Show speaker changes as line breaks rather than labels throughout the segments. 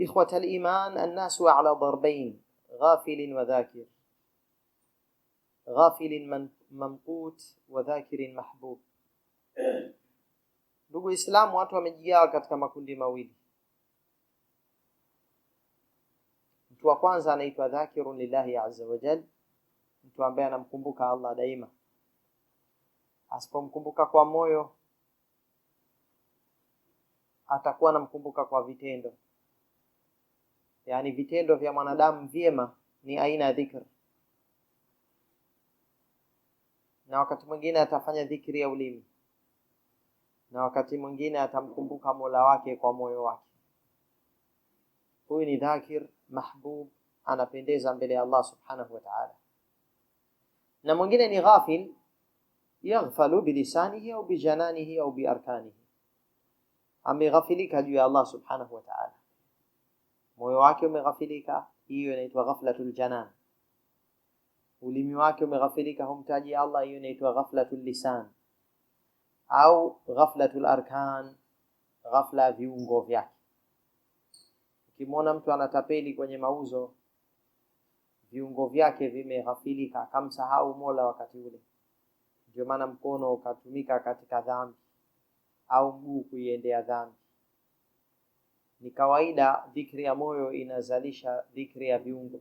إخوة الإيمان الناس على ضربين غافل وذاكر غافل من wa وذاكر mahbub ndugu islamu watu wamejigawa katika makundi mawili mtu wa kwanza anaitwa dhakirun lillahi azza wajal mtu ambaye anamkumbuka allah daima asipomkumbuka kwa moyo atakuwa anamkumbuka kwa vitendo yani vitendo vya mwanadamu vyema ni aina ya dhikri na wakati mwingine atafanya dhikri ya ulimi na wakati mwingine atamkumbuka mola wake kwa moyo wake huyu ni dhakir mahbub anapendeza mbele ya allah subhanahu wa taala na mwingine ni ghafil yaghfalu bilisanihi au bijananihi au biarkanihi ameghafilika juu ya allah subhanahu wa taala moyo wake umeghafilika, hiyo inaitwa ghaflatul janan. Ulimi wake umeghafilika, humtaji Allah, hiyo inaitwa ghaflatul lisan au ghaflatul arkan, ghafla viungo vyake. Ukimwona mtu anatapeli kwenye mauzo, viungo vyake vimeghafilika, akamsahau Mola wakati ule. Ndio maana mkono ukatumika katika dhambi au mguu kuiendea dhambi ni kawaida dhikri ya moyo inazalisha dhikri ya viungo,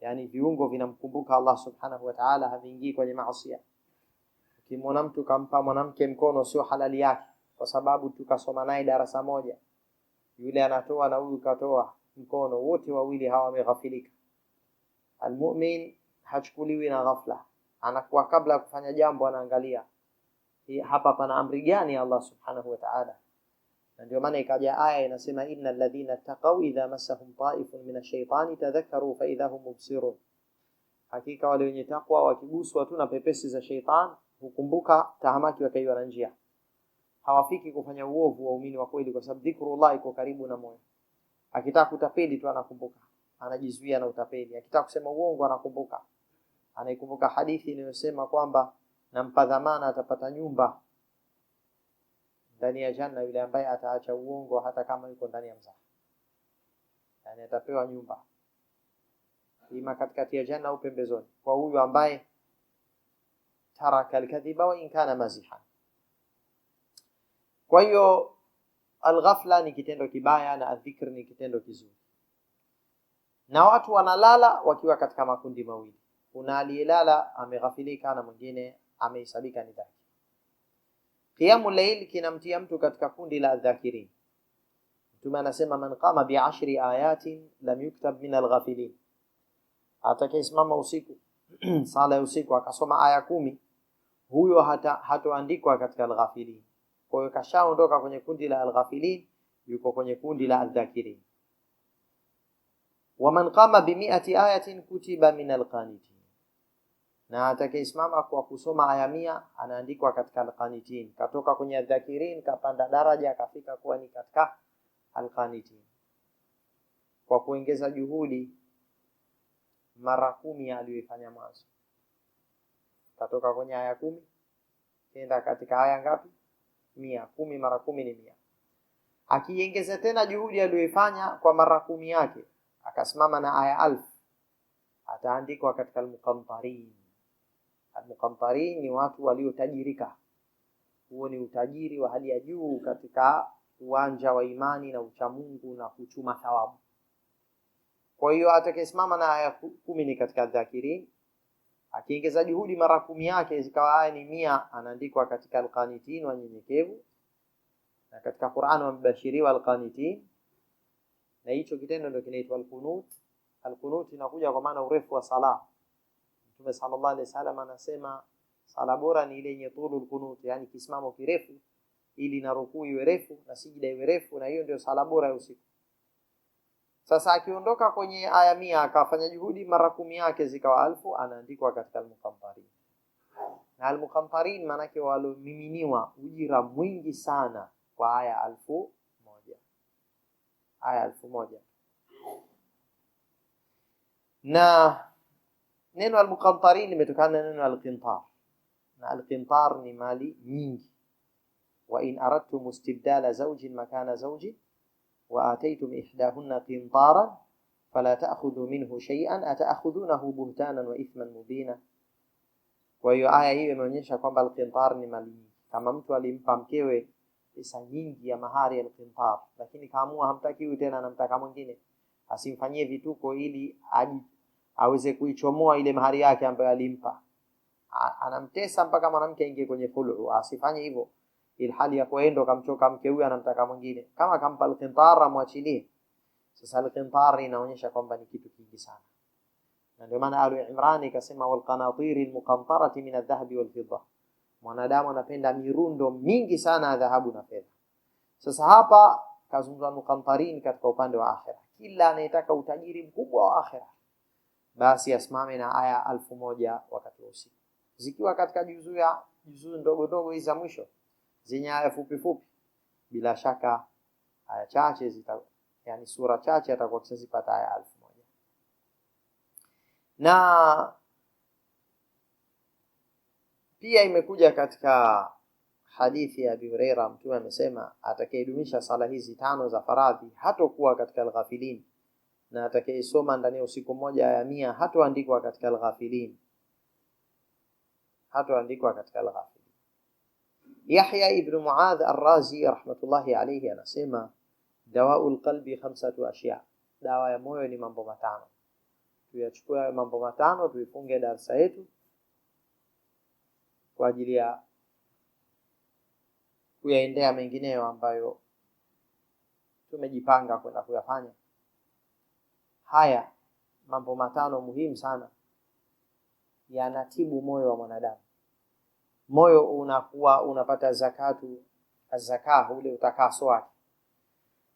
yani viungo vinamkumbuka Allah subhanahu wa ta'ala, haviingii kwenye maasi. Ukimwona mtu kampa mwanamke mkono sio halali yake, kwa sababu tukasoma naye darasa moja, yule anatoa na huyu katoa mkono, wote wawili hawa wameghafilika. Almumin hachukuliwi na ghafla, anakuwa kabla ya kufanya jambo anaangalia hapa pana amri gani Allah subhanahu wa ta'ala ndio maana ikaja aya inasema, innal ladhina taqaw idha massahum taifun min ash-shaytani tadhakkaru fa idha hum mubsirun, hakika wale wenye takwa wakiguswa tu na pepesi za shaytan hukumbuka tahamaki, wakaiwa na njia, hawafiki kufanya uovu. Waumini wa kweli, kwa sababu dhikrullah iko karibu na moyo. Akitaka kutapeli tu anakumbuka, anajizuia na utapeli. Akitaka kusema uongo anakumbuka, anaikumbuka hadithi inayosema kwamba nampa dhamana atapata nyumba ndani ya janna yule ambaye ataacha uongo hata kama yuko ndani ya mzaha, yani atapewa nyumba ima katikati ya janna au pembezoni, kwa huyu ambaye taraka alkadhiba wa inkana maziha. Kwa hiyo alghafla ni kitendo kibaya na adhikri ni kitendo kizuri, na watu wanalala wakiwa katika makundi mawili. Kuna aliyelala ameghafilika na mwingine amehesabika ni dhaki Qiyamu laili kinamtia mtu katika kundi la dhakirin. Mtume anasema man qama ashri ayatin lam yuktab min alghafilin, atakayesimama usiku sala ya usiku akasoma aya kumi, huyo hata hatoandikwa katika alghafilin. Kwa hiyo kashaondoka kwenye kundi la alghafilin, yuko kwenye kundi la aldhakirin. Waman qama mi'ati ayatin kutiba min alqanitin na atakayesimama kwa kusoma aya mia anaandikwa katika alqanitin. Katoka kwenye adhakirin kapanda daraja akafika kuwa ni katika alqanitin, kwa kuongeza juhudi mara kumi aliyoifanya mwanzo. Katoka kwenye aya kumi kenda katika aya ngapi? Mia. Kumi mara kumi ni mia. Akiongeza tena juhudi aliyoifanya kwa mara kumi yake, akasimama na aya alfu, ataandikwa katika almuqantarin Almuqantari ni watu waliotajirika. Huo ni utajiri wa hali ya juu katika uwanja wa imani na uchamungu na kuchuma thawabu. Kwa hiyo atakayesimama na aya kumi ni katika dhakirin, akiingeza juhudi mara kumi yake zikawa aya ni mia, anaandikwa katika alqanitin, wanyenyekevu. Na katika Qur'an wamebashiriwa alqanitin, na hicho kitendo ndio kinaitwa alqunut. Alqunut inakuja kwa maana urefu wa sala Mtume sallallahu alaihi wasallam anasema sala bora ni ile yenye tulul kunut, yani kisimamo kirefu, ili na rukuu iwe refu na sijida iwe refu, na hiyo ndio sala bora ya usiku. Sasa akiondoka kwenye aya mia akafanya juhudi mara kumi yake zikawa alfu, anaandikwa katika almukamtarin na almukamtarin maanake walomiminiwa ujira mwingi sana kwa aya alfu moja aya alfu moja na نينو المقنطري لما تكان نينو القنطار القنطار نمالي نينج وإن أردتم استبدال زوج مكان زوج وآتيتم إحداهن قنطارا فلا تأخذوا منه شيئا أتأخذونه بهتانا وإثما مبينا وهي آية هي منيشة كما القنطار نمالي كما متوا لمفهم كيوي pesa nyingi ya mahari ya lkintar lakini kaamua hamtaki asimfanyie vituko ili aweze kuichomoa ile mahari yake ambayo alimpa. Anamtesa mpaka mwanamke aingie kwenye fulu, asifanye hivyo ilhali ya kuendo kamchoka mke huyu, anamtaka mwingine. Kama kampa alqintar, amwachilie. Sasa alqintar inaonyesha kwamba ni kitu kingi sana, na ndio maana Alu Imran ikasema walqanatiri almuqantarati min aldhahabi walfidda, mwanadamu anapenda mirundo mingi sana ya dhahabu na fedha. Sasa hapa kazungumza muqantarin katika upande wa akhira, kila anayetaka utajiri mkubwa wa akhira basi asimame na aya alfu moja wakati wa usiku, zikiwa katika juzuu ya juzuu ndogo ndogo hizi za mwisho zenye aya fupi fupi. Bila shaka aya chache zita, yani sura chache atakuwa kishazipata aya alfu moja na pia imekuja katika hadithi ya Abi hureira Mtume amesema atakayedumisha sala hizi tano za faradhi hatokuwa katika alghafilini na atakayesoma ndani ya usiku mmoja aya mia hatoandikwa katika alghafilin, hatoandikwa katika alghafilin. Yahya ibn Muadh Arrazi rahmatullahi alayhi anasema dawau lqalbi khamsatu ashya, dawa ya moyo ni mambo matano. Tuyachukue hayo mambo matano, tuifunge darsa yetu kwa ajili ya kuyaendea mengineyo ambayo tumejipanga kwenda kuyafanya. Haya mambo matano muhimu sana yanatibu moyo wa mwanadamu. Moyo unakuwa unapata zakatu azaka, ule utakaso wake.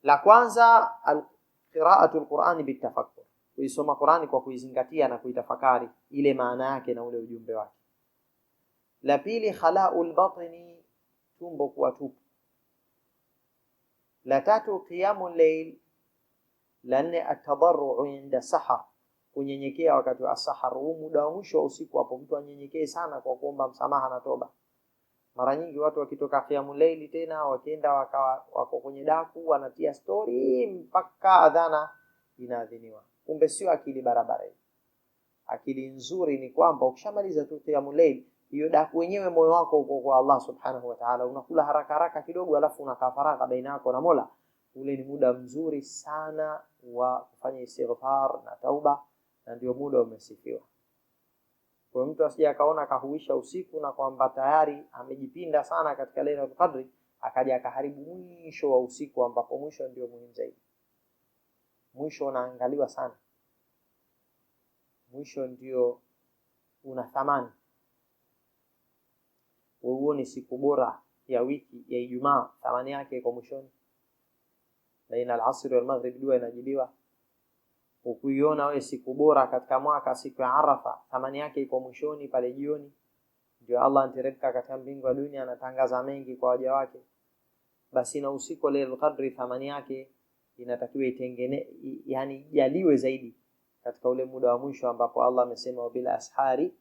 La kwanza alqiraatu lqurani bitafakkur, kuisoma Qurani kwa kuizingatia na kuitafakari ile maana yake na ule ujumbe wake. La pili khalau lbatni, tumbo kuwa tupu. La tatu qiyamul layl la nne inda sahar, kunyenyekea wakati wa sahar. Huu muda wa mwisho wa usiku, hapo mtu anyenyekee sana kwa kuomba msamaha na toba. Mara nyingi watu wakitoka kiamu leili tena wakienda wakawa wako kwenye daku wanatia stori mpaka adhana inaadhiniwa. Kumbe sio akili barabara. Akili nzuri ni kwamba ukishamaliza tu kiamu leili hiyo daku wenyewe moyo wako uko kwa Allah subhanahu wa ta'ala, unakula haraka haraka kidogo, alafu unakaa faragha baina yako na Mola ule ni muda mzuri sana wa kufanya istighfar na tauba, na ndio muda umesifiwa. Kwa mtu asije akaona akahuisha usiku na kwamba tayari amejipinda sana katika Lailatul Qadri, akaja akaharibu mwisho wa usiku, ambapo mwisho ndio muhimu zaidi. Mwisho unaangaliwa sana, mwisho ndio una thamani. Wewe huoni siku bora ya wiki ya Ijumaa thamani yake iko mwishoni? baina alasri walmaghrib, dua inajibiwa. Ukuiona wewe siku bora katika mwaka, siku ya Arafa, thamani yake iko mwishoni pale jioni. Ndio Allah anteremka katika mbingu ya dunia, anatangaza mengi kwa waja wake. Basi na usiku Lailatul Qadri, thamani yake inatakiwa itengene, yani jaliwe zaidi katika ule muda wa mwisho ambapo Allah amesema wabil ashari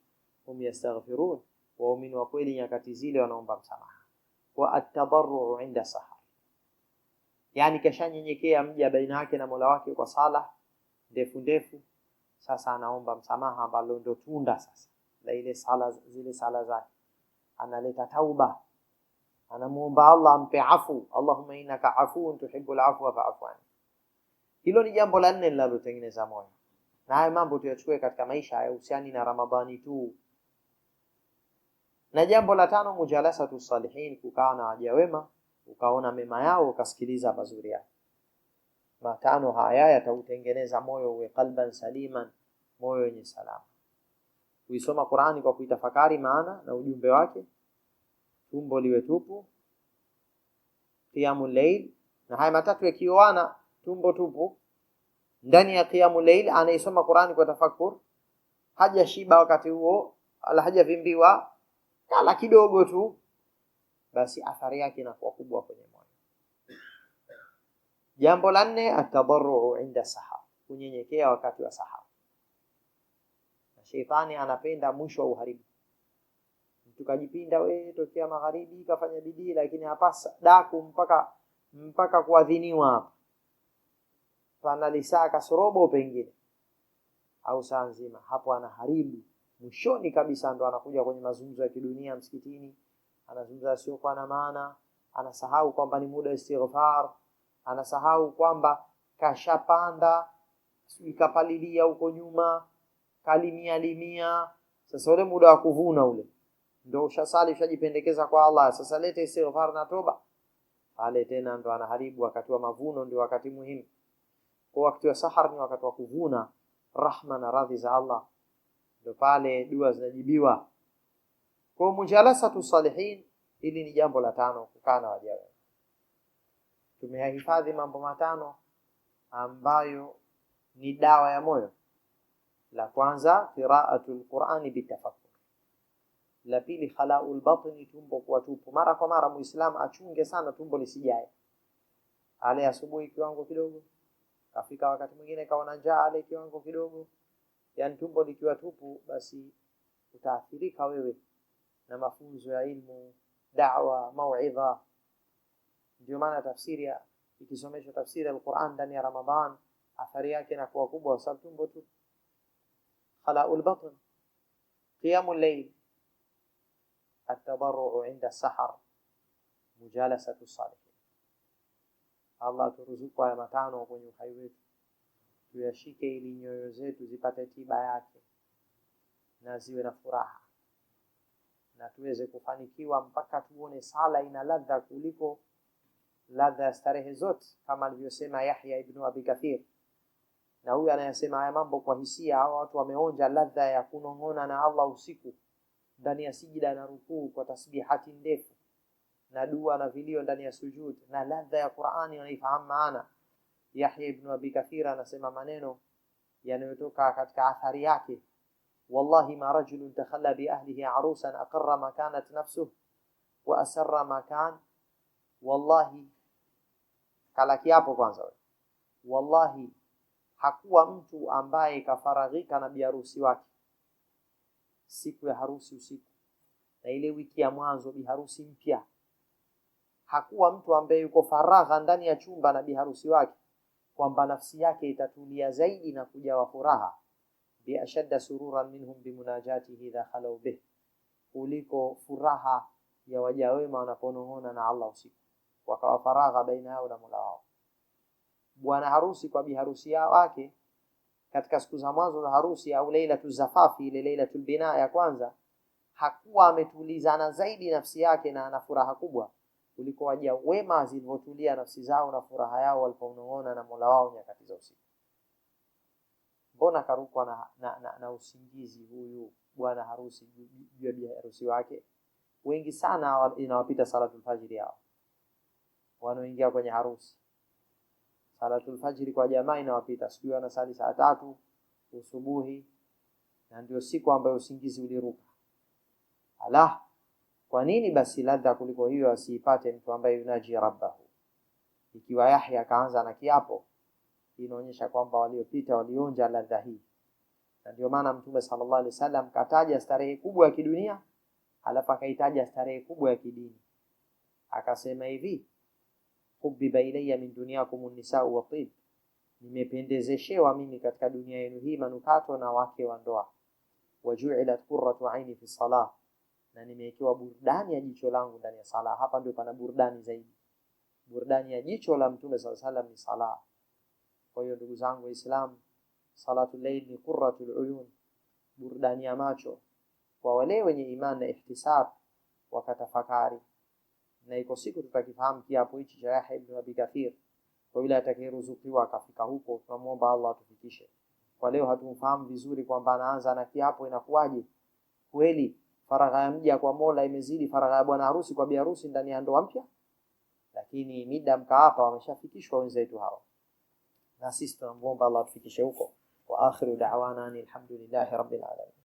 hum yastaghfirun, waumini wa kweli nyakati zile wanaomba msamaha wa atadarruu inda saha yaani kashanyenyekea mja baina yake na Mola wake kwa sala ndefu ndefu. Sasa anaomba msamaha, ambalo ndo tunda sasa la ile sala, zile sala zake. Analeta tauba, anamuomba Allah ampe afu, Allahumma innaka afuun tuhibbul afwa fa'fu anni. Hilo ni jambo la nne linalotengeneza moyo, na haya mambo tuyachukue katika maisha, ya hayahusiani na Ramadhani tu. Na jambo la tano, mujalasatu salihin, kukaa na waja wema ukaona mema yao, ukasikiliza mazuri yao. Matano haya yatautengeneza moyo uwe qalban saliman, moyo wenye salama. Kuisoma Qur'ani kwa kuitafakari maana na ujumbe wake, tumbo liwe tupu, qiyamul layl, na haya matatu yakioana, tumbo tupu ndani ya qiyamul layl, anaisoma Qur'ani kwa tafakur, shiba wakati huo, ala hajavimbiwa, kala kidogo tu basi athari yake inakuwa kubwa kwenye moyo. Jambo la nne, atadarruu inda saha, kunyenyekea wakati wa saha. Na sheitani anapenda mwisho wa uharibu. Mtu kajipinda we tokea magharibi kafanya bidii, lakini hapa daku mpaka mpaka kuadhiniwa hapa panalisaa kasorobo pengine au saa nzima, hapo anaharibu. Mwishoni kabisa ndo anakuja kwenye mazungumzo ya kidunia msikitini anazungumza asiyokuwa na maana, anasahau kwamba ni muda istighfar, anasahau kwamba kashapanda ikapalilia huko nyuma kalimia limia. Sasa ule muda wa kuvuna ule ndo ushasali ushajipendekeza kwa Allah, sasa lete istighfar na toba pale tena ndo anaharibu. Wakati wa mavuno ndio wakati muhimu, kwa wakati wa sahar ni wakati wa kuvuna rahma na radhi za Allah, ndo pale dua zinajibiwa. Kwa mujalasatu salihin, hili ni jambo la tano, kukaa na waja wema. Tumeyahifadhi mambo matano ambayo ni dawa ya moyo. La kwanza qiraatul qurani bitafakkur, la pili khalaul lbatni tumbo kuwa tupu. Mara kwa mara muislamu achunge sana tumbo lisijae. Ale asubuhi kiwango kidogo, kafika wakati mwingine kaona njaa, ale kiwango kidogo, yani tumbo likiwa tupu, basi utaathirika wewe مفوز علم دعوة موعظة جمانة تفسيريا يكسوميش تفسيريا القرآن دنيا رمضان أثريا كنا كوا كوبا سلتون بوتو خلاء البطن قيام الليل التبرع عند السحر مجالسة الصالحين الله ترزقك يا متانو كوني خيوت تيشيكي لينيو يوزيتو زي باتتي باياتي نازيو na tuweze kufanikiwa mpaka tuone sala ina ladha kuliko ladha ya starehe zote, kama alivyosema Yahya ibn Abi Kathir. Na huyu anayesema haya mambo kwa hisia, hawa watu wameonja ladha ya kunong'ona na Allah usiku ndani ya sijida na rukuu kwa tasbihati ndefu na dua na vilio ndani ya sujud, na ladha ya Qur'ani wanaifahamu maana. Yahya ibn Abi Kathir anasema maneno yanayotoka katika athari yake والله ما رجل تخلى بأهله عروسا أقر ما كانت نفسه وأسر ما كان والله kala kiapo kwanza we. wallahi hakuwa mtu ambaye kafaraghika na biharusi wake siku ya harusi usiku na ile wiki ya mwanzo biharusi mpya hakuwa mtu ambaye yuko faragha ndani ya chumba na biharusi wake kwamba nafsi yake itatulia zaidi na kujawa furaha biashadda sururan minhum bimunajatihi idha khalau bih, kuliko furaha ya waja wema wanaponong'ona na Allah usiku, wakawa faragha baina yao na Mola wao. Bwana harusi kwa biharusi wake katika siku za mwanzo za harusi au lailatu zafafi, ile lailatu lbinaa ya kwanza, hakuwa ametulizana zaidi nafsi yake na ana furaha kubwa kuliko waja wema zilivyotulia nafsi zao na furaha yao waliponong'ona na Mola wao nyakati za usiku mbona karukwa na, na, na, na usingizi huyu bwana harusi juu ya harusi wake? Wengi sana inawapita salatul fajiri yao, wanaoingia kwenye harusi. Salatul fajiri kwa jamaa inawapita, sijui wanasali saa tatu usubuhi, na ndio siku ambayo usingizi uliruka. Ala, kwa nini basi ladha kuliko hiyo asiipate mtu ambaye yunaji rabbahu? Ikiwa Yahya akaanza na kiapo hii inaonyesha kwamba waliopita walionja ladha hii, na ndio maana Mtume sallallahu alaihi wasallam kataja starehe kubwa ya kidunia, alafu akaitaja starehe kubwa ya kidini, akasema hivi hubiba ilayya min dunyakum nisau watib, nimependezeshewa mimi katika dunia yenu hii manukato na wake wa ndoa. Wajuilat qurratu aini fi salah, na nimewekewa burudani ya jicho langu ndani ya sala. Hapa ndio pana burudani zaidi. Burudani ya jicho la Mtume sallallahu alaihi wasallam ni sala. Kwa hiyo ndugu zangu Waislamu, salatu layl ni qurratul uyun, burudani ya macho kwa wale wenye imani na ihtisab, wakatafakari. Na iko siku tutakifahamu kiapo hichi cha Yahya ibn Abi Kathir kwa yule atakayeruzukiwa akafika huko, tunamwomba Allah atufikishe. Kwa leo hatumfahamu vizuri kwamba anaanza na kiapo, inakuwaje kweli? Faragha ya mja kwa Mola imezidi faragha ya bwana harusi kwa bi harusi ndani ya ndoa mpya, lakini mida mkaapa wameshafikishwa wenzetu hawa. ناسيستم بون بالله بفيك شوكو وآخر دعوانا الحمد لله رب العالمين